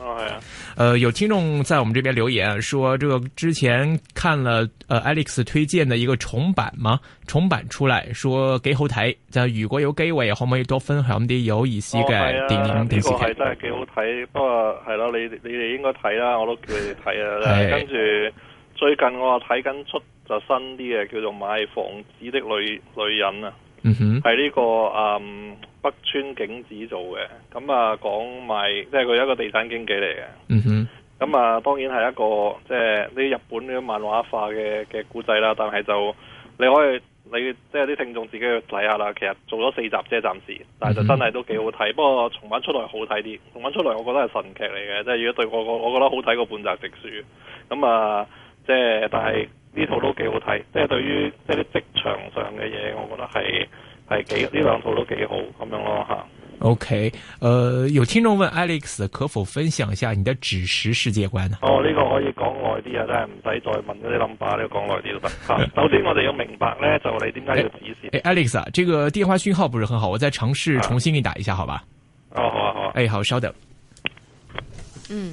哦、啊，誒、呃，有聽眾在我們這邊留言，說這個之前看了，呃 Alex 推薦的一個重版嘛，重版出嚟，說幾好睇，就如果有機會可唔可以多分享啲有意思嘅電影電視劇？哦是啊這個，是真係幾好睇，嗯，不過係咯，你你哋應該睇啦，我都叫你睇啊，跟住最近我睇緊出就新啲嘅，叫做《買房子的女女人》啊。Mm -hmm. 是這個、嗯哼，係呢個誒北川景子做嘅，咁啊講埋，即係佢一個地產經紀嚟嘅，嗯、mm、哼 -hmm.，咁啊當然係一個即係啲日本嘅漫畫化嘅嘅故仔啦，但係就你可以你即係啲聽眾自己去睇下啦，其實做咗四集啫，暫時，但係就真係都幾好睇，mm -hmm. 不過重溫出嚟好睇啲，重溫出嚟我覺得係神劇嚟嘅，即係如果對我我我覺得好睇過半澤直樹，咁啊。即係，但係呢套都幾好睇。就是、於即係對於即係啲職場上嘅嘢，我覺得係係幾呢兩套都幾好咁樣咯吓。OK，誒、呃，有聽眾問 Alex 可否分享一下你的止蝕世界觀？哦，呢、這個可以講耐啲啊，真係唔使再問嗰啲 number，你講耐啲都得。首先我哋要明白咧，就你點解要止蝕、欸欸？Alex 啊，這個電話訊號不是很好，我再嘗試重新給你打一下、啊，好吧？哦好、啊、好哦、啊，誒、欸，好，稍等。嗯。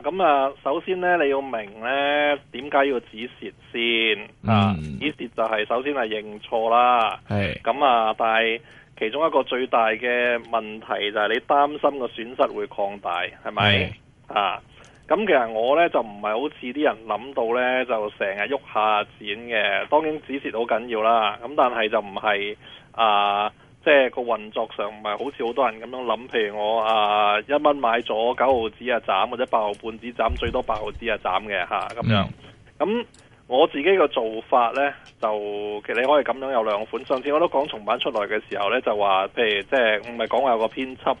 咁啊，首先咧你要明咧點解要止蝕先啊？止蝕就係首先係認錯啦。係咁啊，但係其中一個最大嘅問題就係你擔心個損失會擴大，係咪啊？咁其實我咧就唔係好似啲人諗到咧，就成日喐下剪嘅。當然止蝕好緊要啦。咁但係就唔係啊。呃即係個運作上唔係好似好多人咁樣諗，譬如我啊一蚊買咗九毫子啊斬，或者八毫半子斬，最多八毫子斬啊斬嘅吓咁樣。咁、no. 我自己嘅做法呢，就其實你可以咁樣有兩款。上次我都講重版出來嘅時候呢，就話譬如即係唔係講話有個編輯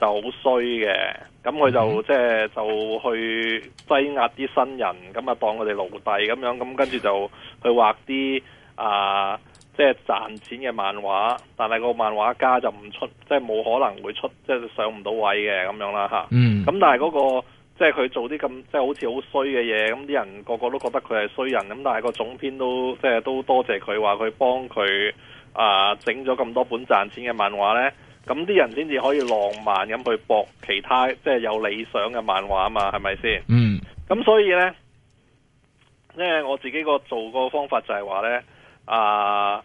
就好衰嘅，咁佢就即係、mm -hmm. 就去擠壓啲新人，咁啊當佢哋奴隸咁樣，咁跟住就去畫啲啊～即係賺錢嘅漫畫，但係個漫畫家就唔出，即係冇可能會出，即係上唔到位嘅咁樣啦吓。咁、mm. 嗯、但係嗰、個即係佢做啲咁，即係好似好衰嘅嘢，咁啲人個個都覺得佢係衰人。咁但係個總編都即係都多謝佢，話佢幫佢啊整咗咁多本賺錢嘅漫畫呢。咁啲人先至可以浪漫咁去博其他，即係有理想嘅漫畫嘛，係咪先？Mm. 嗯。咁所以呢，即係我自己個做個方法就係話呢。啊、uh，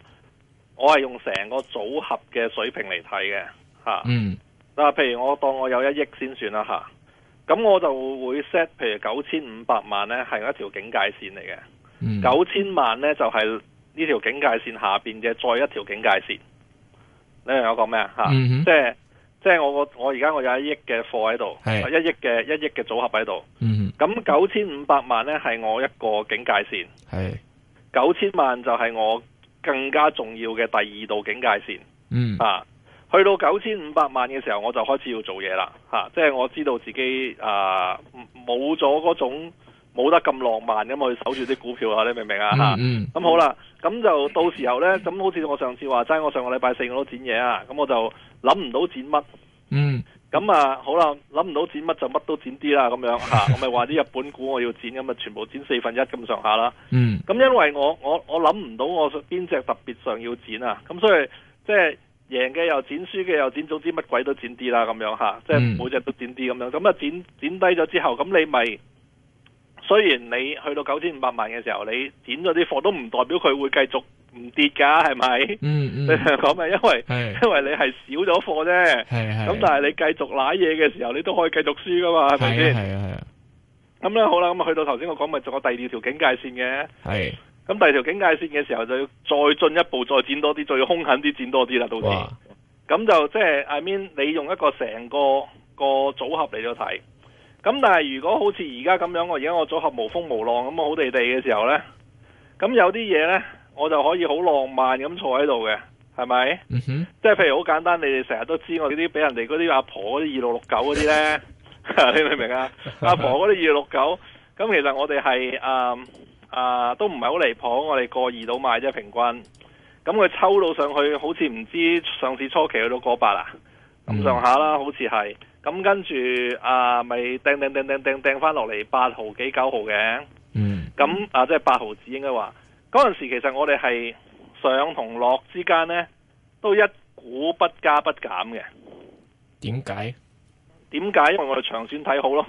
我係用成個組合嘅水平嚟睇嘅，吓。嗯。嗱，譬如我當我有一億先算啦，吓。咁我就會 set，譬如九千五百萬咧係一條警戒線嚟嘅。嗯。九千萬咧就係呢條警戒線下邊嘅再一條警戒線。你明我講咩啊？吓、嗯。即係即係我我而家我有一億嘅貨喺度，係、一億嘅一億嘅組合喺度。咁九千五百萬咧係我一個警戒線。係。九千萬就係我更加重要嘅第二道警戒線，嗯啊，去到九千五百萬嘅時候，我就開始要做嘢啦，吓、啊，即、就、係、是、我知道自己啊冇咗嗰種冇得咁浪漫咁去守住啲股票啦，你明唔明、嗯嗯、啊？吓，咁好啦，咁就到時候呢。咁好似我上次話齋，我上個禮拜四我都剪嘢啊，咁我就諗唔到剪乜，嗯。咁啊，好啦，諗唔到剪乜就乜都剪啲啦，咁樣吓， 我咪話啲日本股我要剪，咁啊全部剪四分一咁上下啦。嗯。咁因為我我我諗唔到我邊隻特別上要剪啊，咁所以即係贏嘅又剪，輸嘅又剪，總之乜鬼都剪啲啦，咁樣吓，即係每隻都剪啲咁樣，咁，嗯，咁啊剪剪低咗之後，咁你咪。雖然你去到九千五百萬嘅時候，你剪咗啲貨都唔代表佢會繼續唔跌噶，係咪？嗯嗯，咁 啊，因為因為你係少咗貨啫。係係。咁但係你繼續瀨嘢嘅時候，你都可以繼續輸噶嘛，係咪先？係啊係啊。咁咧、嗯、好啦、咁、嗯、去到頭先我講咪仲有第二條警戒線嘅。係。咁、嗯、第二條警戒線嘅時候就要再進一步，再剪多啲，再要凶狠啲剪多啲啦，到時。咁就即係阿 Min，你用一個成個個組合嚟咗睇。咁但係如果好似而家咁樣，我而家我組合無風無浪咁好地地嘅時候呢，咁有啲嘢呢，我就可以好浪漫咁坐喺度嘅，係咪？即、嗯、係、就是、譬如好簡單，你哋成日都知我啲俾人哋嗰啲阿婆嗰啲二六六九嗰啲呢， 你明唔明啊？ 阿婆嗰啲二六六九，咁其實我哋係啊，啊都唔係好離譜，我哋過二到買啫平均，咁佢抽到上去好似唔知上市初期去到過百啦咁上下啦，好似係。咁跟住啊，咪掟掟掟掟掟返翻落嚟八毫幾九毫嘅，咁啊即係八毫子應該話嗰陣時其實我哋係上同落之間呢，都一股不加不減嘅。點解？點解？因為我哋長線睇好咯，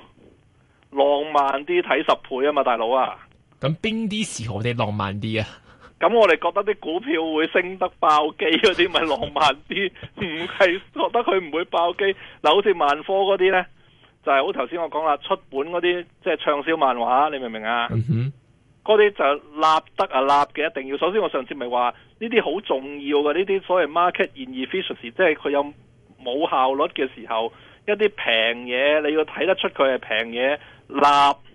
浪漫啲睇十倍啊嘛，大佬啊！咁邊啲時候我哋浪漫啲啊？咁我哋覺得啲股票會升得爆機嗰啲咪浪漫啲，唔係覺得佢唔會爆機。嗱，好似萬科嗰啲呢，就係、是、好頭先我講啦，出本嗰啲即係暢銷漫畫，你明唔明啊？嗰、嗯、啲就立得啊立嘅一定要。首先我上次咪話呢啲好重要嘅，呢啲所謂 market inefficiency 即係佢有冇效率嘅時候，一啲平嘢你要睇得出佢係平嘢立。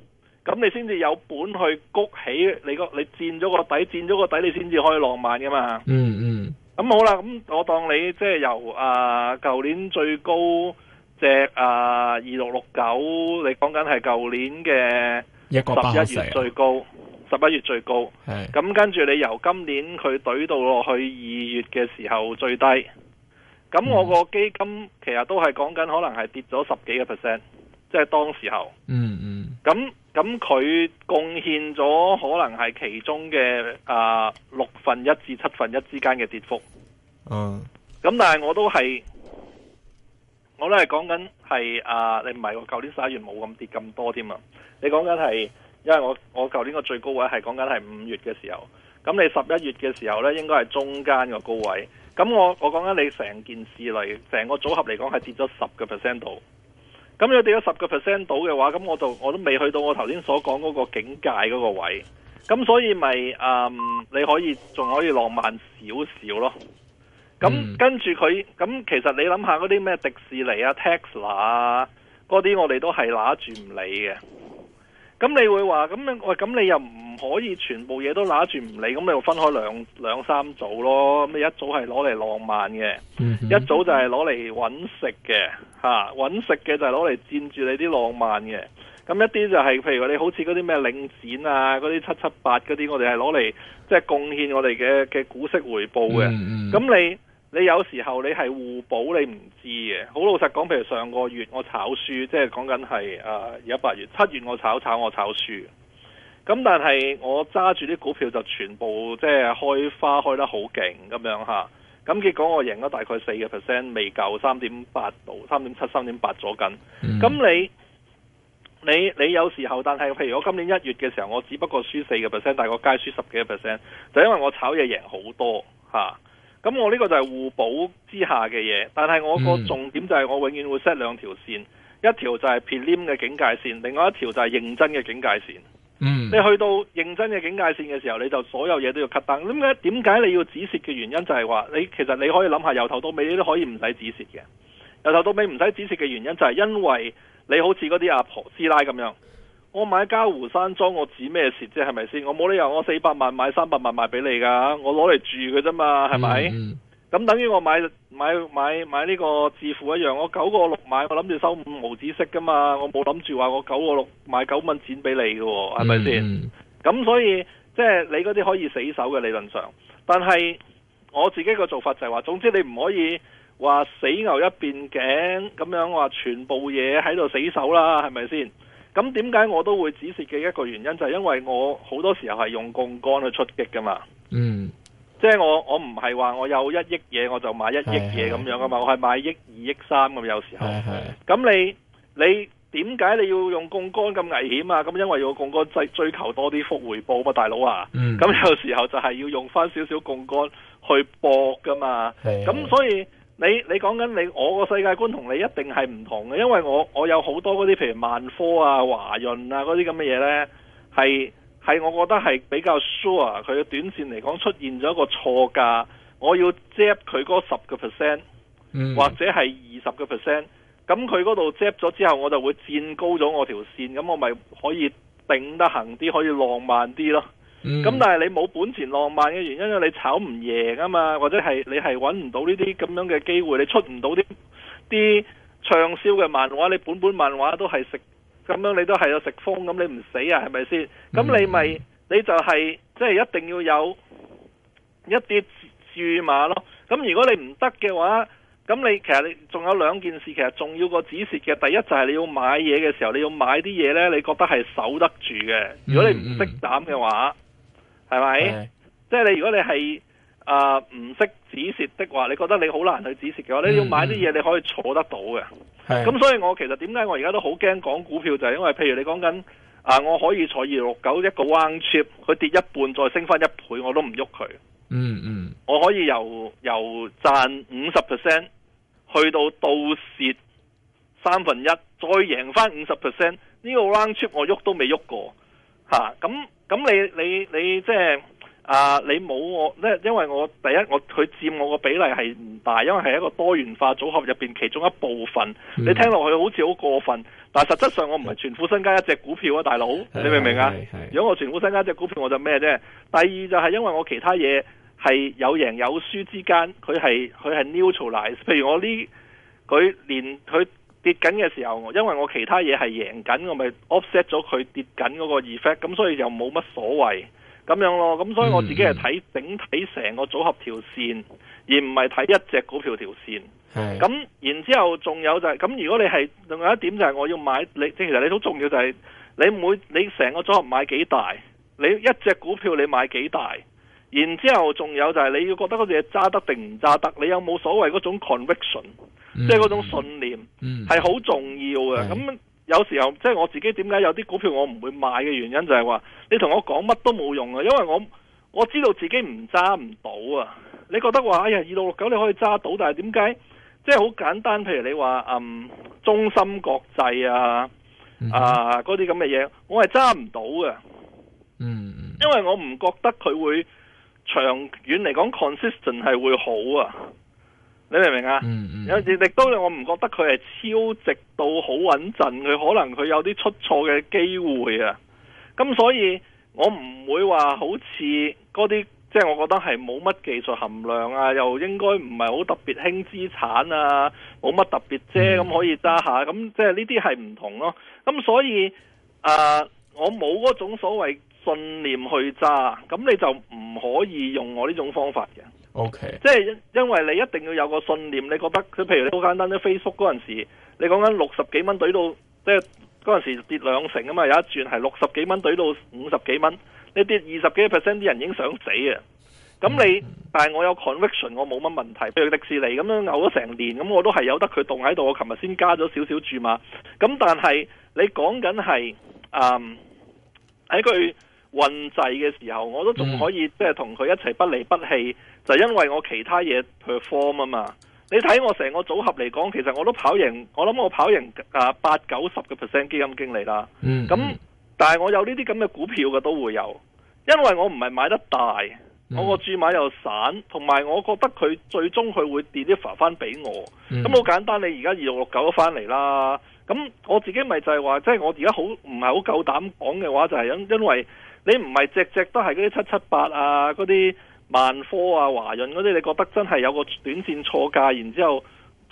咁你先至有本去谷起，你個你佔咗個底，佔咗個底，你先至可以浪漫噶嘛？嗯嗯。咁好啦，咁我當你即係由啊舊年最高隻啊二六六九，呃、2669, 你講緊係舊年嘅十一月最高，十一月最高。咁、嗯嗯、跟住你由今年佢懟到落去二月嘅時候最低，咁我個基金其實都係講緊可能係跌咗十幾個 percent，即係當時候。嗯嗯。咁咁佢貢獻咗可能係其中嘅啊六分一至七分一之間嘅跌幅。嗯。咁但係我都係，我都係講緊係啊，你唔係我舊年十一月冇咁跌咁多添嘛。你講緊係，因為我我舊年個最高位係講緊係五月嘅時候，咁你十一月嘅時候呢應該係中間個高位。咁我我講緊你成件事嚟，成個組合嚟講係跌咗十個 percent 度。咁有跌咗十個 percent 到嘅話，咁我就我都未去到我頭先所講嗰個境界嗰個位，咁所以咪誒、嗯、你可以仲可以浪漫少少咯。咁、嗯、跟住佢，咁其實你諗下嗰啲咩迪士尼啊、Tesla 啊嗰啲，我哋都係拿住唔理嘅。咁你會話咁樣喂？咁你又唔可以全部嘢都拿住唔理？咁你又分開兩,兩三組咯？咁一組係攞嚟浪漫嘅，mm -hmm. 一組就係攞嚟搵食嘅、啊、搵食嘅就攞嚟佔住你啲浪漫嘅。咁一啲就係、係、譬如話你好似嗰啲咩領展啊，嗰啲七七八嗰啲，我哋係攞嚟即係貢獻我哋嘅嘅股息回報嘅。咁、mm -hmm. 你。你有時候你係互補，你唔知嘅。好老實講，譬如上個月我炒輸，即係講緊係啊一八月七月我炒炒我炒輸，咁但係我揸住啲股票就全部即係開花開得好勁咁樣嚇，咁結果我贏咗大概四個 percent，未夠三點八到三點七、三點八咗緊。咁、mm. 你你你有時候，但係譬如我今年一月嘅時候，我只不過輸四個 percent，大概街輸十幾個 percent，就因為我炒嘢贏好多嚇。啊咁我呢個就係互補之下嘅嘢，但係我個重點就係我永遠會 set 兩條線，嗯、一條就係撇 limit 嘅警戒線，另外一條就係認真嘅警戒線、嗯。你去到認真嘅警戒線嘅時候，你就所有嘢都要 cut down 點解點解你要止蝕嘅原因就係、是、話你其實你可以諗下由頭到尾你都可以唔使止蝕嘅，由頭到尾唔使止蝕嘅原因就係因為你好似嗰啲阿婆師奶咁樣。我買嘉湖山莊，我指咩事啫？係咪先？我冇理由我四百萬買三百萬賣俾你噶，我攞嚟住嘅啫嘛，係咪？咁、嗯、等於我買買買買呢個字符一樣，我九個六買，我諗住收五毫子息噶嘛，我冇諗住話我九個六買九蚊錢俾你喎，係咪先？咁、嗯、所以即係、就是、你嗰啲可以死守嘅理論上，但係我自己個做法就係、是、話，總之你唔可以話死牛一邊頸咁樣話全部嘢喺度死守啦，係咪先？咁點解我都會止蝕嘅一個原因就係、是、因為我好多時候係用槓桿去出擊噶嘛，嗯，即、就、係、是、我我唔係話我有一億嘢我就買一億嘢咁樣噶嘛，我係買一億二億三咁有時候，咁你你點解你要用槓桿咁危險啊？咁因為用槓桿追追求多啲福回報嘛，大佬啊，咁、嗯、有時候就係要用翻少少槓桿去搏噶嘛，咁所以。你你講緊你我個世界觀同你一定係唔同嘅，因為我我有好多嗰啲譬如萬科啊、華潤啊嗰啲咁嘅嘢呢，係係我覺得係比較 sure 佢嘅短線嚟講出現咗一個錯價，我要 jump 佢嗰十個 percent，或者係二十個 percent，咁佢嗰度 jump 咗之後，我就會佔高咗我條線，咁我咪可以頂得行啲，可以浪漫啲咯。咁、嗯、但係你冇本錢浪漫嘅原因，因為你炒唔贏啊嘛，或者係你係揾唔到呢啲咁樣嘅機會，你出唔到啲啲暢銷嘅漫畫，你本本漫畫都係食咁樣你，你都係有食風咁，你唔死啊？係咪先？咁、嗯、你咪你就係即係一定要有一啲注碼咯。咁如果你唔得嘅話，咁你其實你仲有兩件事，其實重要過止蝕嘅。第一就係你要買嘢嘅時候，你要買啲嘢呢，你覺得係守得住嘅。如果你唔識膽嘅話，嗯嗯係咪？即係你如果你係啊唔識止蝕的話，你覺得你好難去止蝕嘅話，嗯嗯，你要買啲嘢，你可以坐得到嘅。咁所以我其實點解我而家都好驚講股票就係、是，因為，譬如你講緊啊，我可以坐二六九一個 round trip，佢跌一半再升翻一倍，我都唔喐佢。嗯嗯，我可以由由賺五十 percent 去到倒蝕三分一，再贏翻五十 percent，呢個 round trip 我喐都未喐過。咁咁你你你即係啊，你冇、呃、我因為我第一我佢佔我個比例係唔大，因為係一個多元化組合入邊其中一部分。你聽落去好似好過分，但實質上我唔係全副身家一隻股票啊，大佬，你明唔明啊？如果我全副身家一隻股票，我就咩啫？第二就係因為我其他嘢係有贏有輸之間，佢係佢係 neutralize。譬如我呢，佢連佢，跌緊嘅時候，因為我其他嘢係贏緊，我咪 offset 咗佢跌緊嗰個 effect，咁所以又冇乜所謂咁樣咯。咁所以我自己係睇、嗯、整體成個組合條線，而唔係睇一隻股票條線。咁然之後仲有就係、是、咁，如果你係另外一點就係我要買你，即其實你好重要就係你唔會你成個組合買幾大，你一隻股票你買幾大，然之後仲有就係、是、你要覺得嗰隻嘢揸得定唔揸得，你有冇所謂嗰種 conviction？即係嗰種信念係好、嗯、重要嘅，咁、嗯、有時候即係、就是、我自己點解有啲股票我唔會賣嘅原因就係、是、話你同我講乜都冇用啊，因為我我知道自己唔揸唔到啊。你覺得話哎呀二六六九你可以揸到，但係點解即係好簡單？譬如你話嗯中芯國際啊、嗯、啊嗰啲咁嘅嘢，我係揸唔到嘅，嗯，因為我唔覺得佢會長遠嚟講 consistent 係會好啊。你明唔明啊？有時亦都有，我唔覺得佢係超值到好穩陣，佢可能佢有啲出錯嘅機會啊。咁所以我唔會話好似嗰啲，即係我覺得係冇乜技術含量啊，又應該唔係好特別輕資產啊，冇乜特別啫，咁、嗯、可以揸下。咁即係呢啲係唔同咯。咁所以啊、呃，我冇嗰種所謂信念去揸，咁你就唔可以用我呢種方法嘅。O.K. 即係因為你一定要有個信念，你覺得佢，譬如你好簡單啲，Facebook 嗰陣時，你講緊六十幾蚊懟到，即係嗰陣時跌兩成啊嘛，有一轉係六十幾蚊懟到五十幾蚊，你跌二十幾 percent，啲人已經想死啊！咁你，但係我有 conviction，我冇乜問題。譬如迪士尼咁樣嘔咗成年，咁我都係由得佢凍喺度。我琴日先加咗少少注碼，咁但係你講緊係，嗯，喺佢運滯嘅時候，我都仲可以即係同佢一齊不離不棄。嗯就因為我其他嘢 perform 啊嘛，你睇我成個組合嚟講，其實我都跑贏，我諗我跑贏啊八九十個 percent 基金經理啦。咁、嗯、但係我有呢啲咁嘅股票嘅都會有，因為我唔係買得大，我個注碼又散，同、嗯、埋我覺得佢最終佢會跌啲翻翻俾我。咁、嗯、好簡單，你而家二六六九都翻嚟啦。咁我自己咪就係話，即、就、係、是、我而家好唔係好夠膽講嘅話，就係、是、因因為你唔係只只都係嗰啲七七八啊，嗰啲。萬科啊、華潤嗰啲，你覺得真係有個短線錯價，然之後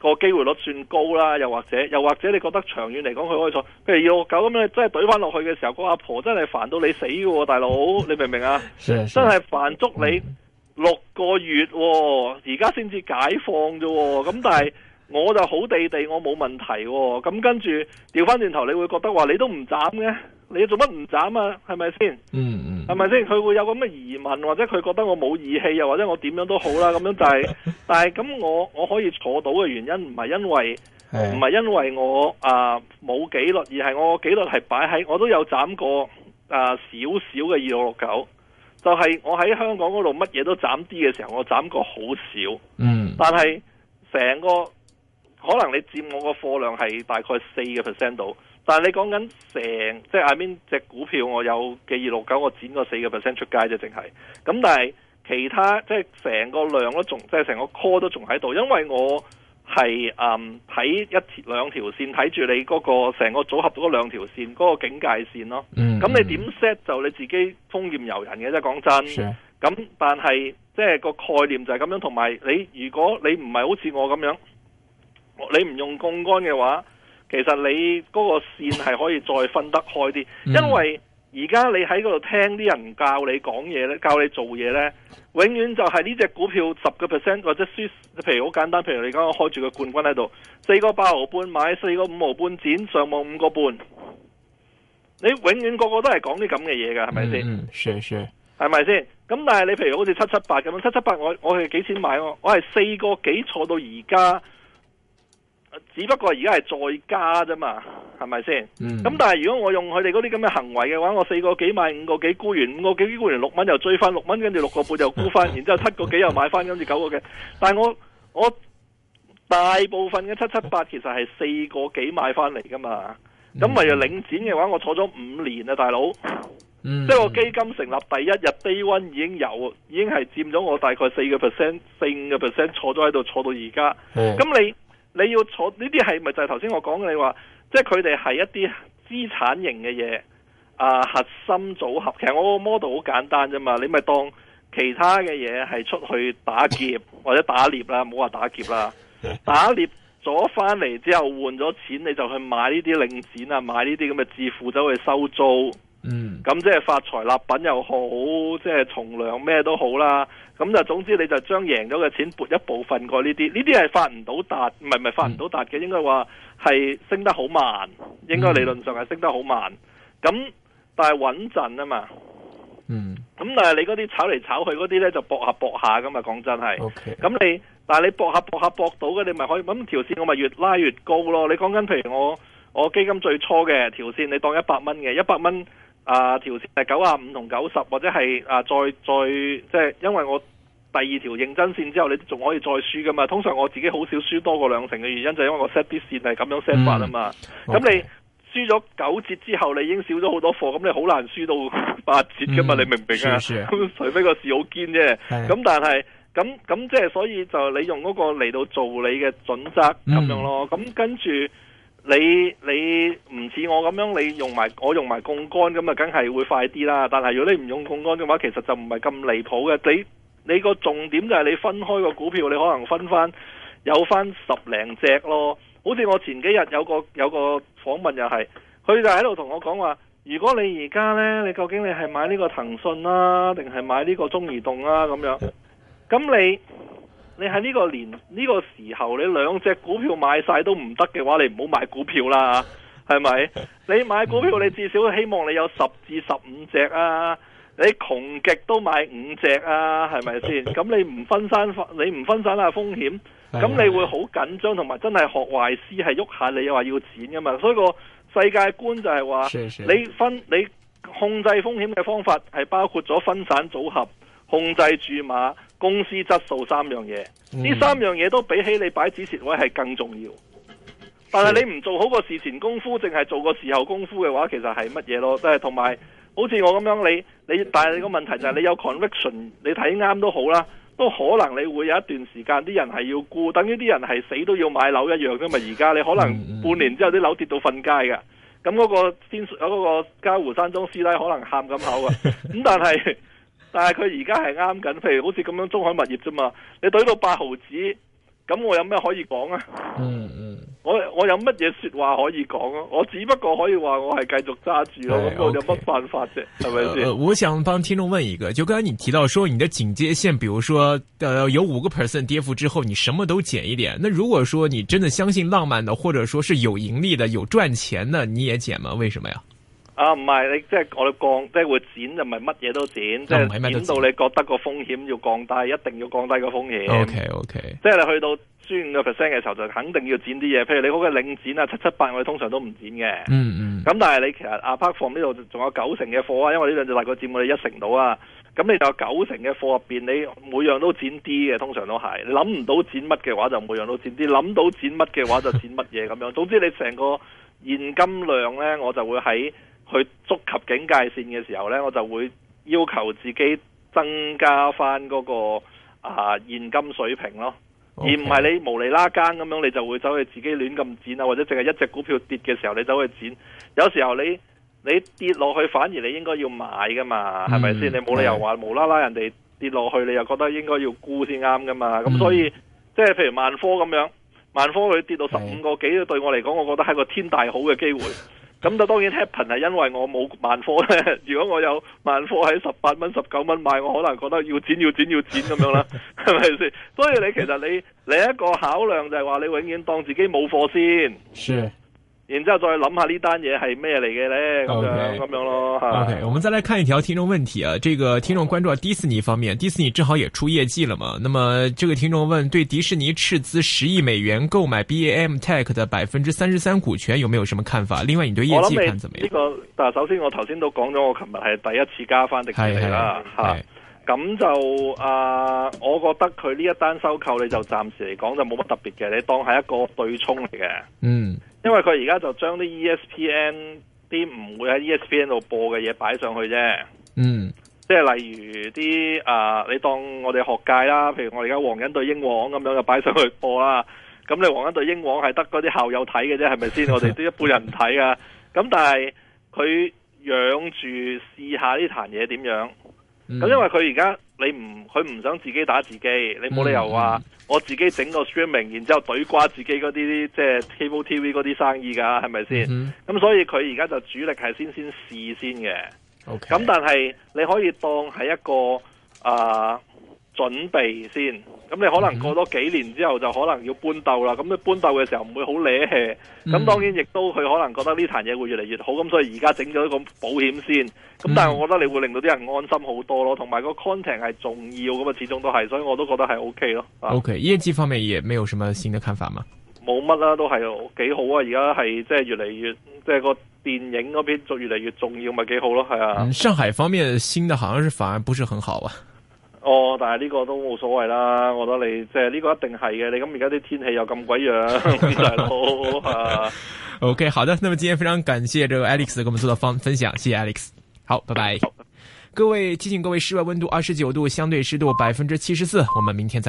個機會率算高啦，又或者又或者你覺得長遠嚟講佢可以錯，譬如要九咁樣，真係懟翻落去嘅時候，個阿婆婆真係煩到你死㗎喎、啊，大佬，你明唔明啊？真係煩足你六個月、啊，而家先至解放啫、啊，咁但係我就好地地，我冇問題、啊，咁跟住調翻轉頭，你會覺得話你都唔斬嘅。你做乜唔斬啊？係咪先？嗯嗯，係咪先？佢會有咁嘅疑問，或者佢覺得我冇義氣，又或者我點樣都好啦咁樣就係、是。 但係咁我我可以坐到嘅原因，唔係因為唔係因為我啊冇紀律，而係我紀律係擺喺我都有斬過啊少少嘅二六六九，呃、小小 2669, 就係我喺香港嗰度乜嘢都斬啲嘅時候，我斬過好少。嗯。但係成個可能你佔我個貨量係大概四個 percent 度。但係你講緊成即係入面隻股票，我有嘅二六九，我剪個四個 percent 出街啫，淨係咁。但係其他即係成個量都仲即係成個 call 都仲喺度，因為我係嗯睇一兩條線，睇住你嗰、那個成個組合到嗰兩條線嗰、那個警戒線咯。咁、嗯嗯、你點 set 就你自己風險由人嘅啫，講真。咁但係即係個概念就係咁樣，同埋你如果你唔係好似我咁樣，你唔用槓桿嘅話。其實你嗰個線係可以再分得開啲、嗯，因為而家你喺嗰度聽啲人教你講嘢咧，教你做嘢咧，永遠就係呢隻股票十個 percent 或者輸，譬如好簡單，譬如你啱啱開住個冠軍喺度，四個八毫半買，四個五毫半展上望五個半，你永遠個個都係講啲咁嘅嘢噶，係咪先？嗯，係係，係咪先？咁但係你譬如好似七七八咁樣，七七八我我係幾錢買我、啊？我係四個幾坐到而家。只不過而家係再加啫嘛，係咪先？咁、嗯、但係如果我用佢哋嗰啲咁嘅行為嘅話，我四個幾買五個幾沽完，五個幾沽完六蚊，又追翻六蚊，跟住六個半又沽翻， 然之後七個幾又買翻，跟住九個幾。但係我我大部分嘅七七八其實係四個幾買翻嚟噶嘛。咁咪又領展嘅話，我坐咗五年啊，大佬。即、嗯、係、就是、我基金成立第一日 day one 已經有，已經係佔咗我大概四個 percent，四五個 percent 坐咗喺度，坐到而家。咁、嗯、你？你要坐呢啲係咪就係頭先我講嘅？你話即係佢哋係一啲資產型嘅嘢啊，核心組合。其實我個 model 好簡單啫嘛，你咪當其他嘅嘢係出去打劫或者打獵啦，唔好話打劫啦，打獵咗翻嚟之後換咗錢，你就去買呢啲領展啊，買呢啲咁嘅致富走去收租。嗯，咁即係發財立品又好，即係從量咩都好啦。咁就總之你就將贏咗嘅錢撥一部分過呢啲，呢啲係發唔到達，唔係唔係發唔到達嘅，應該話係升得好慢，應該理論上係升得好慢。咁但係穩陣啊嘛，嗯，咁但係你嗰啲炒嚟炒去嗰啲咧就搏下搏下噶嘛，講真係。O K，咁你但係你搏下搏下搏到嘅，你咪可以咁條線，我咪越拉越高咯。你講緊譬如我我基金最初嘅條線，你當一百蚊嘅一百蚊。啊，條線係九十五同九十，或者係啊，再再即係，就係、因為我第二條認真線之後，你仲可以再輸噶嘛。通常我自己好少輸多過兩成嘅原因，就係、因為我 set 啲線係咁樣 set 法啊嘛。咁、嗯、你輸咗九折之後，你已經少咗好多貨，咁你好難輸到八折噶嘛、嗯。你明唔明白啊？ 除非個市好堅啫。咁但係咁咁即係，所以就你用嗰個嚟到做你嘅準則咁、嗯、樣咯。咁跟住你你。你我咁樣你用埋我用埋槓杆咁啊，梗係會快啲啦。但係如果你唔用槓杆嘅話，其實就唔係咁離譜嘅。你你個重點就係你分開個股票，你可能分翻有翻十零隻咯。好似我前幾日有個有個訪問又係，佢就喺度同我講話：如果你而家呢，你究竟你係買呢個騰訊啊，定係買呢個中移動啊咁樣？咁你你喺呢個年呢個時候，你兩隻股票買晒都唔得嘅話，你唔好買股票啦。係咪？你買股票，你至少希望你有十至十五隻啊！你窮極都買五隻啊，係咪先？咁你唔分散，你唔分散下風險，咁你會好緊張，同埋真係學壞師係喐下你又話要剪噶嘛？所以個世界觀就係話，是是你分你控制風險嘅方法係包括咗分散組合、控制注碼、公司質素三樣嘢。呢、嗯、三樣嘢都比起你擺止蝕位係更重要。但係你唔做好個事前功夫，淨係做個事後功夫嘅話，其實係乜嘢咯？即係同埋，好似我咁樣，你你，但係你個問題就係，是、你有 conviction，你睇啱都好啦，都可能你會有一段時間啲人係要沽，等於啲人係死都要買樓一樣噶嘛。而家你可能半年之後啲，嗯嗯、樓跌到瞓街噶，咁嗰個先嗰、那個嘉湖山莊師奶可能喊咁口啊。咁但係，但係佢而家係啱緊，譬如好似咁樣中海物業啫嘛，你懟到八毫子，咁我有咩可以講啊？嗯嗯。我我有乜嘢說話可以講咯？我只不過可以話我係繼續揸住咯，咁我有乜辦法啫？係咪先？我想幫聽眾問一個，就剛才你提到說你的警戒線，比如說，呃，有五個 percent 跌幅之後，你什麼都減一點。那如果說你真的相信浪漫的，或者說是有盈利的、有賺錢的，你也減嗎？為什麼呀？啊，唔係，你即係我哋降，即係會剪就唔係乜嘢都剪，即係剪到你覺得個風險要降低，一定要降低個風險。O K O K，即係你去到四五個 percent 嘅時候，就肯定要剪啲嘢。譬如你嗰個領展啊，七七八我哋通常都唔剪嘅。嗯咁、嗯、但係你其實亞柏房呢度仲有九成嘅貨啊，因為呢兩隻大個佔我哋一成到啊。咁你就有九成嘅貨入面，你每樣都剪啲嘅，通常都係。諗唔到剪乜嘅話，就每樣都剪啲；諗到剪乜嘅話，就剪乜嘢咁樣。 總之你成個現金量呢，我就會喺。去觸及警戒線嘅時候呢，我就會要求自己增加翻、嗰個啊現金水平咯，okay. 而唔係你無釐啦間咁樣，你就會走去自己亂咁剪啊，或者淨係一隻股票跌嘅時候你走去剪。有時候你你跌落去，反而你應該要買噶嘛，係咪先？你冇理由話無啦啦人哋跌落去，你又覺得應該要沽先啱噶嘛？咁、嗯、所以即係譬如萬科咁樣，萬科佢跌到十五個幾，對我嚟講，我覺得係個天大好嘅機會。 咁就當然 happy 係因為我冇萬科咧。如果我有萬科喺十八蚊、十九蚊買，我可能覺得要剪、要剪、要剪咁樣啦，係咪先？所以你其實你你一個考量就係話你永遠當自己冇貨先。Sure. 然之後再諗下是來的呢單嘢係咩嚟嘅咧，咁、okay. 樣咁樣咯。O、okay. K，我們再來看一條聽眾問題啊，這個聽眾關注到迪士尼方面，迪士尼正好也出業績了嘛？那麼這個聽眾問，對迪士尼斥資十億美元購買 BAM Tech 的百分之三十三股權有沒有什麼看法？另外，你對業績看怎麼樣呢、這個，但係首先我頭先都講咗，我琴日係第一次加翻迪士尼啦吓。嘿嘿嘿。咁就啊、呃，我覺得佢呢一單收購，你就暫時嚟講就冇乜特別嘅，你當係一個對沖嚟嘅。嗯，因為佢而家就將啲 ESPN 啲唔會喺 ESPN 度播嘅嘢擺上去啫。嗯，即係例如啲啊、呃，你當我哋學界啦，譬如我而家黃韻對英皇咁樣就擺上去播啦。咁你黃韻對英皇係得嗰啲校友睇嘅啫，係咪先？我哋都一般人唔睇啊。咁 但係佢養住試下呢壇嘢點樣。咁、嗯、因為佢而家你唔佢唔想自己打自己，你冇理由話我自己整個 streaming，然之後懟瓜自己嗰啲即係 TVB 嗰啲生意噶，係咪先？咁、嗯嗯、所以佢而家就主力係先先試先嘅。咁、okay。但係你可以當係一個啊。呃準備先，咁你可能過多幾年之後就可能要搬竇啦。咁、嗯、你搬竇嘅時候唔會好惹氣。咁、嗯、當然亦都佢可能覺得呢壇嘢會越嚟越好。咁所以而家整咗一個保險先。咁但係我覺得你會令到啲人安心好多咯。同、嗯、埋個 content 係重要咁啊，始終都係。所以我都覺得係 OK 咯。OK，業績方面也沒有什麼新的看法嗎？冇乜啦，都係幾好啊！而家係即係越嚟越，即、就、係、是、個電影嗰邊越嚟越重要，咪、就、幾、是、好咯？係啊。上海方面新嘅，好像是反而不是很好啊。哦，但係呢個都冇所謂啦，我覺得你即係呢個一定係嘅。你咁而家啲天氣又咁鬼樣，大佬啊。OK，好的。那麼今天非常感謝這個 Alex 給我們做的方分享，謝謝 Alex。好，拜拜。各位，提醒各位室外溫度二十九度，相對濕度百分之七十四。我們明天再會。